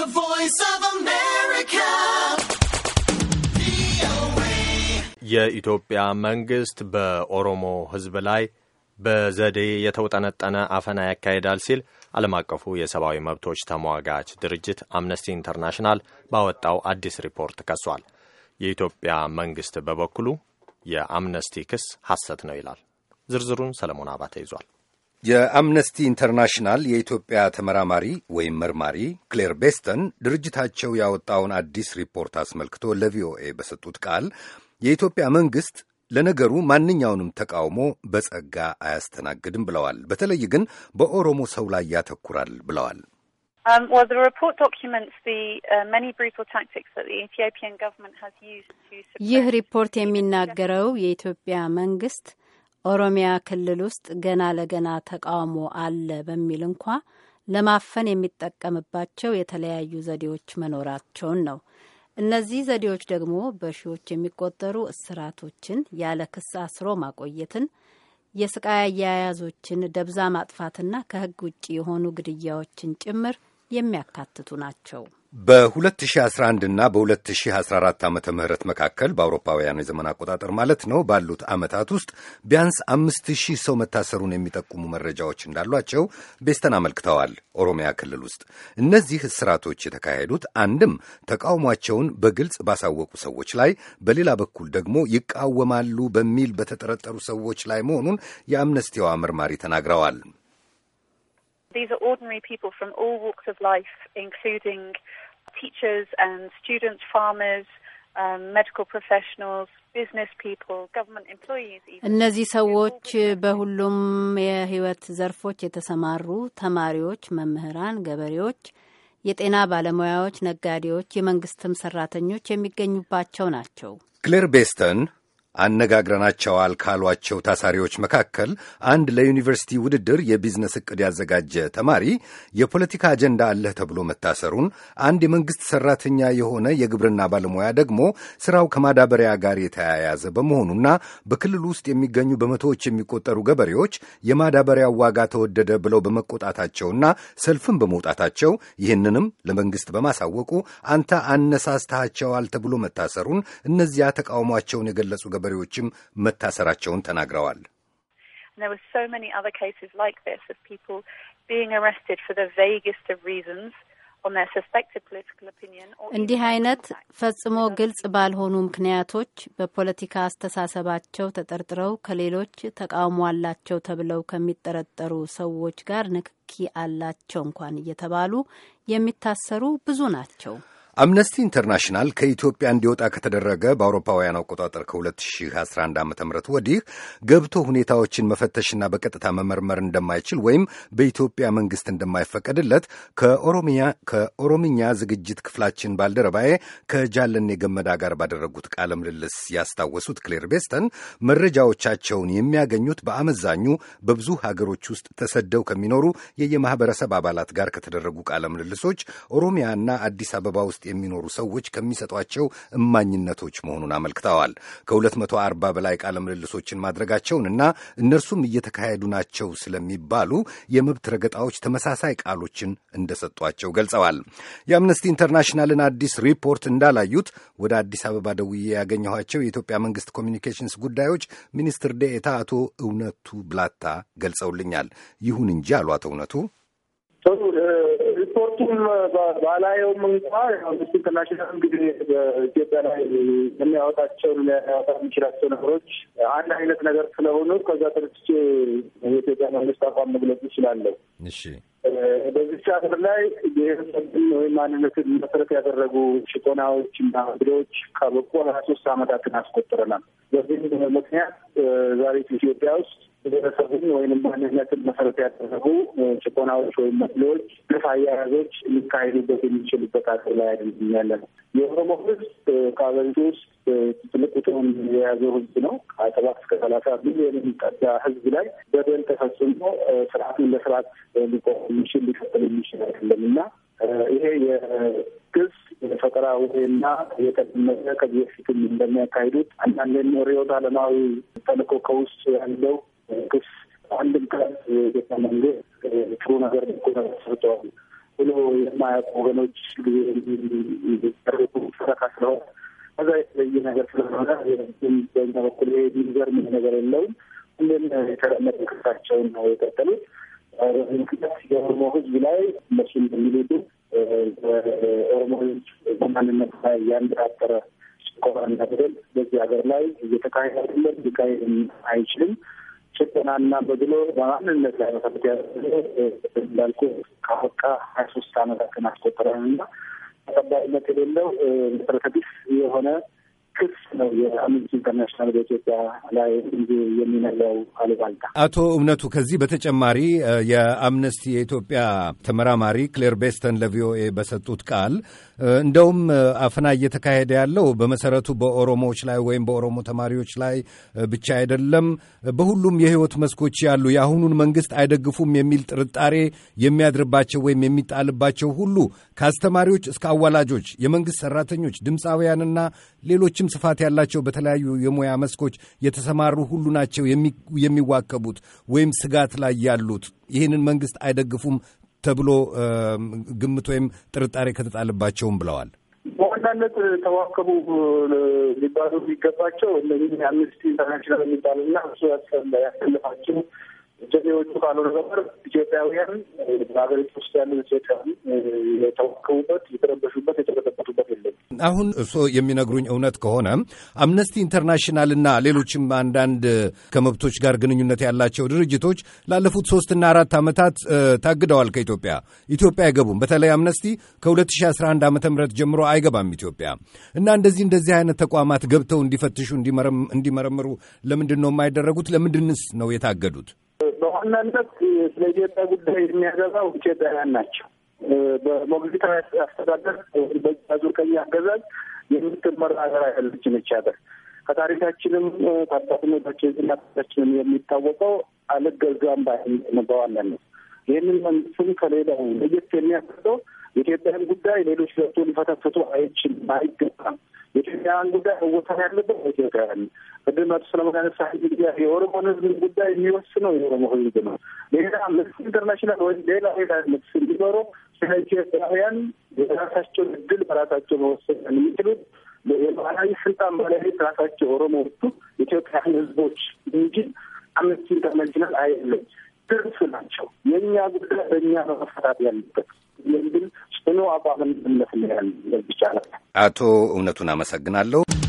The Voice of America. የኢትዮጵያ መንግስት በኦሮሞ ህዝብ ላይ በዘዴ የተውጠነጠነ አፈና ያካሄዳል ሲል ዓለም አቀፉ የሰብአዊ መብቶች ተሟጋች ድርጅት አምነስቲ ኢንተርናሽናል ባወጣው አዲስ ሪፖርት ከሷል። የኢትዮጵያ መንግስት በበኩሉ የአምነስቲ ክስ ሐሰት ነው ይላል። ዝርዝሩን ሰለሞን አባተ ይዟል። የአምነስቲ ኢንተርናሽናል የኢትዮጵያ ተመራማሪ ወይም መርማሪ ክሌር ቤስተን ድርጅታቸው ያወጣውን አዲስ ሪፖርት አስመልክቶ ለቪኦኤ በሰጡት ቃል የኢትዮጵያ መንግሥት ለነገሩ ማንኛውንም ተቃውሞ በጸጋ አያስተናግድም ብለዋል። በተለይ ግን በኦሮሞ ሰው ላይ ያተኩራል ብለዋል። um, uh, ይህ ሪፖርት የሚናገረው የኢትዮጵያ መንግስት ኦሮሚያ ክልል ውስጥ ገና ለገና ተቃውሞ አለ በሚል እንኳ ለማፈን የሚጠቀምባቸው የተለያዩ ዘዴዎች መኖራቸውን ነው። እነዚህ ዘዴዎች ደግሞ በሺዎች የሚቆጠሩ እስራቶችን፣ ያለ ክስ አስሮ ማቆየትን፣ የስቃይ አያያዞችን፣ ደብዛ ማጥፋትና ከህግ ውጭ የሆኑ ግድያዎችን ጭምር የሚያካትቱ ናቸው። በ2011 እና በ2014 ዓመተ ምህረት መካከል በአውሮፓውያን የዘመን አቆጣጠር ማለት ነው ባሉት ዓመታት ውስጥ ቢያንስ አምስት ሺህ ሰው መታሰሩን የሚጠቁሙ መረጃዎች እንዳሏቸው ቤስተን አመልክተዋል። ኦሮሚያ ክልል ውስጥ እነዚህ እስራቶች የተካሄዱት አንድም ተቃውሟቸውን በግልጽ ባሳወቁ ሰዎች ላይ፣ በሌላ በኩል ደግሞ ይቃወማሉ በሚል በተጠረጠሩ ሰዎች ላይ መሆኑን የአምነስቲዋ መርማሪ ተናግረዋል። These are ordinary people from all walks of life, including teachers and students, farmers, um, እነዚህ ሰዎች በሁሉም የሕይወት ዘርፎች የተሰማሩ ተማሪዎች፣ መምህራን፣ ገበሬዎች፣ የጤና ባለሙያዎች፣ ነጋዴዎች፣ የመንግስትም ሰራተኞች የሚገኙባቸው ናቸው። ክሌር ቤስተን አነጋግረናቸዋል ካሏቸው ታሳሪዎች መካከል አንድ ለዩኒቨርሲቲ ውድድር የቢዝነስ እቅድ ያዘጋጀ ተማሪ የፖለቲካ አጀንዳ አለህ ተብሎ መታሰሩን፣ አንድ የመንግሥት ሠራተኛ የሆነ የግብርና ባለሙያ ደግሞ ሥራው ከማዳበሪያ ጋር የተያያዘ በመሆኑና በክልሉ ውስጥ የሚገኙ በመቶዎች የሚቆጠሩ ገበሬዎች የማዳበሪያው ዋጋ ተወደደ ብለው በመቆጣታቸውና ሰልፍን በመውጣታቸው ይህንንም ለመንግሥት በማሳወቁ አንተ አነሳስተሃቸዋል ተብሎ መታሰሩን እነዚያ ተቃውሟቸውን የገለጹ ገበሬዎችም መታሰራቸውን ተናግረዋል። እንዲህ አይነት ፈጽሞ ግልጽ ባልሆኑ ምክንያቶች በፖለቲካ አስተሳሰባቸው ተጠርጥረው ከሌሎች ተቃውሞ አላቸው ተብለው ከሚጠረጠሩ ሰዎች ጋር ንክኪ አላቸው እንኳን እየተባሉ የሚታሰሩ ብዙ ናቸው። አምነስቲ ኢንተርናሽናል ከኢትዮጵያ እንዲወጣ ከተደረገ በአውሮፓውያን አቆጣጠር ከ2011 ዓ ም ወዲህ ገብቶ ሁኔታዎችን መፈተሽና በቀጥታ መመርመር እንደማይችል ወይም በኢትዮጵያ መንግስት እንደማይፈቀድለት ከኦሮምኛ ዝግጅት ክፍላችን ባልደረባዬ ከጃለኔ ገመዳ ጋር ባደረጉት ቃለ ምልልስ ያስታወሱት ክሌር ቤስተን መረጃዎቻቸውን የሚያገኙት በአመዛኙ በብዙ ሀገሮች ውስጥ ተሰደው ከሚኖሩ የየማህበረሰብ አባላት ጋር ከተደረጉ ቃለ ምልልሶች ኦሮሚያና አዲስ አበባ ውስጥ የሚኖሩ ሰዎች ከሚሰጧቸው እማኝነቶች መሆኑን አመልክተዋል። ከ240 በላይ ቃለ ምልልሶችን እና እነርሱም እየተካሄዱ ናቸው ስለሚባሉ የመብት ረገጣዎች ተመሳሳይ ቃሎችን እንደሰጧቸው ገልጸዋል። የአምነስቲ ኢንተርናሽናልን አዲስ ሪፖርት እንዳላዩት ወደ አዲስ አበባ ደውዬ ያገኘኋቸው የኢትዮጵያ መንግስት ኮሚኒኬሽንስ ጉዳዮች ሚኒስትር ዴኤታ አቶ እውነቱ ብላታ ገልጸውልኛል። ይሁን እንጂ አሉ አቶ እውነቱ ጥሩ ሪፖርቱም ባላየውም እንኳ ምስ ኢንተርናሽናል እንግዲህ በኢትዮጵያ ላይ የሚያወጣቸው ሊያወጣ የሚችላቸው ነገሮች አንድ አይነት ነገር ስለሆኑ ከዛ ተነስቼ የኢትዮጵያ መንግስት አቋም መግለጽ ይችላለሁ። እሺ በዚች ሀገር ላይ ብሔረሰብን ወይም ማንነትን መሰረት ያደረጉ ሽቆናዎች እና ግዳዎች ካበቁ ሀያ ሶስት አመታትን አስቆጥረናል። በዚህም ምክንያት ዛሬ ኢትዮጵያ ውስጥ ብሔረሰብን ወይንም ማንነትን መሰረት ያደረጉ ጭቆናዎች ወይም መስሌዎች፣ ግፍ አያያዞች ሊካሄዱበት የሚችሉበት አገር ላይ አይደለም ያለ ነው። የኦሮሞ ሕዝብ ከአገሪቱ ውስጥ ትልቅ ቁጥሩን የያዘ ህዝብ ነው። ከሰባት እስከ ሰላሳ ሚሊዮን የሚጠጋ ህዝብ ላይ በደል ተፈጽሞ ስርዓቱን ለስርዓት ሊቆም የሚችል ሊቀጥል የሚችል አይደለም እና ይሄ የግስ የፈጠራ ውሄና የቀድመ ከዚህ በፊትም እንደሚያካሂዱት አንዳንዴም ሪዮት አለማዊ ተልዕኮ ከውስጥ ያለው ግስ አንድም ቀን የኢትዮጵያ መንግስት ጥሩ ነገር ልኮ ነገር ሰርተዋል ብሎ የማያውቁ ወገኖች ጊዜ ሰረካ ስለሆነ ከዛ የተለየ ነገር ስለሆነ በኛ በኩል የሚገርም ነገር የለውም። ሁሌም የተለመደ ክሳቸውን ነው የቀጠሉት። ምክንያት የኦሮሞ ሕዝብ ላይ እነሱ እንደሚሉት ኦሮሞ ሕዝብ በማንነት ላይ ያነጣጠረ ጭቆናና በደል በዚህ ሀገር ላይ እየተካሄደ አይደለም፣ ሊካሄድ አይችልም። ጭቆናና በድሎ በማንነት ላይ መሰረት ያደረገ እንዳልኩ ከበቃ ሀያ ሶስት አመታትን አስቆጠረን ተቀባይነት የሌለው መሰረተ ቢስ የሆነ ክስ ነው የአምነስቲ ኢንተርናሽናል በኢትዮጵያ ላይ እንጂ የሚነለው አሉባልታ። አቶ እምነቱ ከዚህ በተጨማሪ የአምነስቲ የኢትዮጵያ ተመራማሪ ክሌር ቤስተን ለቪኦኤ በሰጡት ቃል እንደውም አፈና እየተካሄደ ያለው በመሰረቱ በኦሮሞዎች ላይ ወይም በኦሮሞ ተማሪዎች ላይ ብቻ አይደለም፣ በሁሉም የህይወት መስኮች ያሉ የአሁኑን መንግስት አይደግፉም የሚል ጥርጣሬ የሚያድርባቸው ወይም የሚጣልባቸው ሁሉ ከአስተማሪዎች እስከ አዋላጆች፣ የመንግስት ሰራተኞች፣ ድምፃውያንና ሌሎችም ሁሉም ስፋት ያላቸው በተለያዩ የሙያ መስኮች የተሰማሩ ሁሉ ናቸው የሚዋከቡት ወይም ስጋት ላይ ያሉት። ይህንን መንግስት አይደግፉም ተብሎ ግምት ወይም ጥርጣሬ ከተጣለባቸውም ብለዋል። በዋናነት ተዋከቡ ሊባሉ የሚገባቸው እነዚህ አምነስቲ ኢንተርናሽናል የሚባሉና እሱ ያሰለፋቸው ዘዴዎቹ ካልሆነ ነበር ኢትዮጵያውያን በሀገሪቱ ውስጥ ያሉ ኢትዮጵያውያን የተወከቡበት፣ የተረበሹበት፣ የተበጠበጡበት የለም። አሁን እርስዎ የሚነግሩኝ እውነት ከሆነ አምነስቲ ኢንተርናሽናል እና ሌሎችም አንዳንድ ከመብቶች ጋር ግንኙነት ያላቸው ድርጅቶች ላለፉት ሶስትና አራት ዓመታት ታግደዋል ከኢትዮጵያ ኢትዮጵያ አይገቡም። በተለይ አምነስቲ ከ2011 ዓ ም ጀምሮ አይገባም ኢትዮጵያ እና እንደዚህ እንደዚህ አይነት ተቋማት ገብተው እንዲፈትሹ እንዲመረምሩ ለምንድን ነው የማይደረጉት? ለምንድንስ ነው የታገዱት? በዋናነት ስለ ኢትዮጵያ ጉዳይ የሚያገባው ኢትዮጵያውያን ናቸው። በሞግዚታ አስተዳደር በዙር ቀኝ አገዛዝ የምትመራ ሀገር አይደለችም። ይህች ሀገር ከታሪካችንም ከአባቶቻችን እናቶቻችንም የሚታወቀው አልገዛም ባይ በዋናነት ይህንን መንግስትም ከሌላው ለየት የሚያደርገው የኢትዮጵያን ጉዳይ ሌሎች ገብቶ ሊፈተፍቱ አይችልም፣ አይገባም። የኢትዮጵያን ጉዳይ መወሰን ያለበት ኢትዮጵያውያን ቅድም አቶ ሰለሞን ያነሳ የኦሮሞን ሕዝብ ጉዳይ የሚወስነው የኦሮሞ ህዝብ ነው። ሌላ ምስ ኢንተርናሽናል ወይም ሌላ ሌላ ምስ እንዲኖረው ስለ ኢትዮጵያውያን የራሳቸውን እድል በራሳቸው መወሰን የሚችሉት የባህላዊ ስልጣን ባለቤት ራሳቸው ኦሮሞዎቹ ኢትዮጵያን ህዝቦች እንጂ አምነስቲ ኢንተርናሽናል አይደለም። ድርሱ ናቸው። የእኛ ጉዳይ በእኛ መፈታት ያለበት የሚል ጽኑ አቋምን እንድንመስል ያለ አቶ እውነቱን አመሰግናለሁ።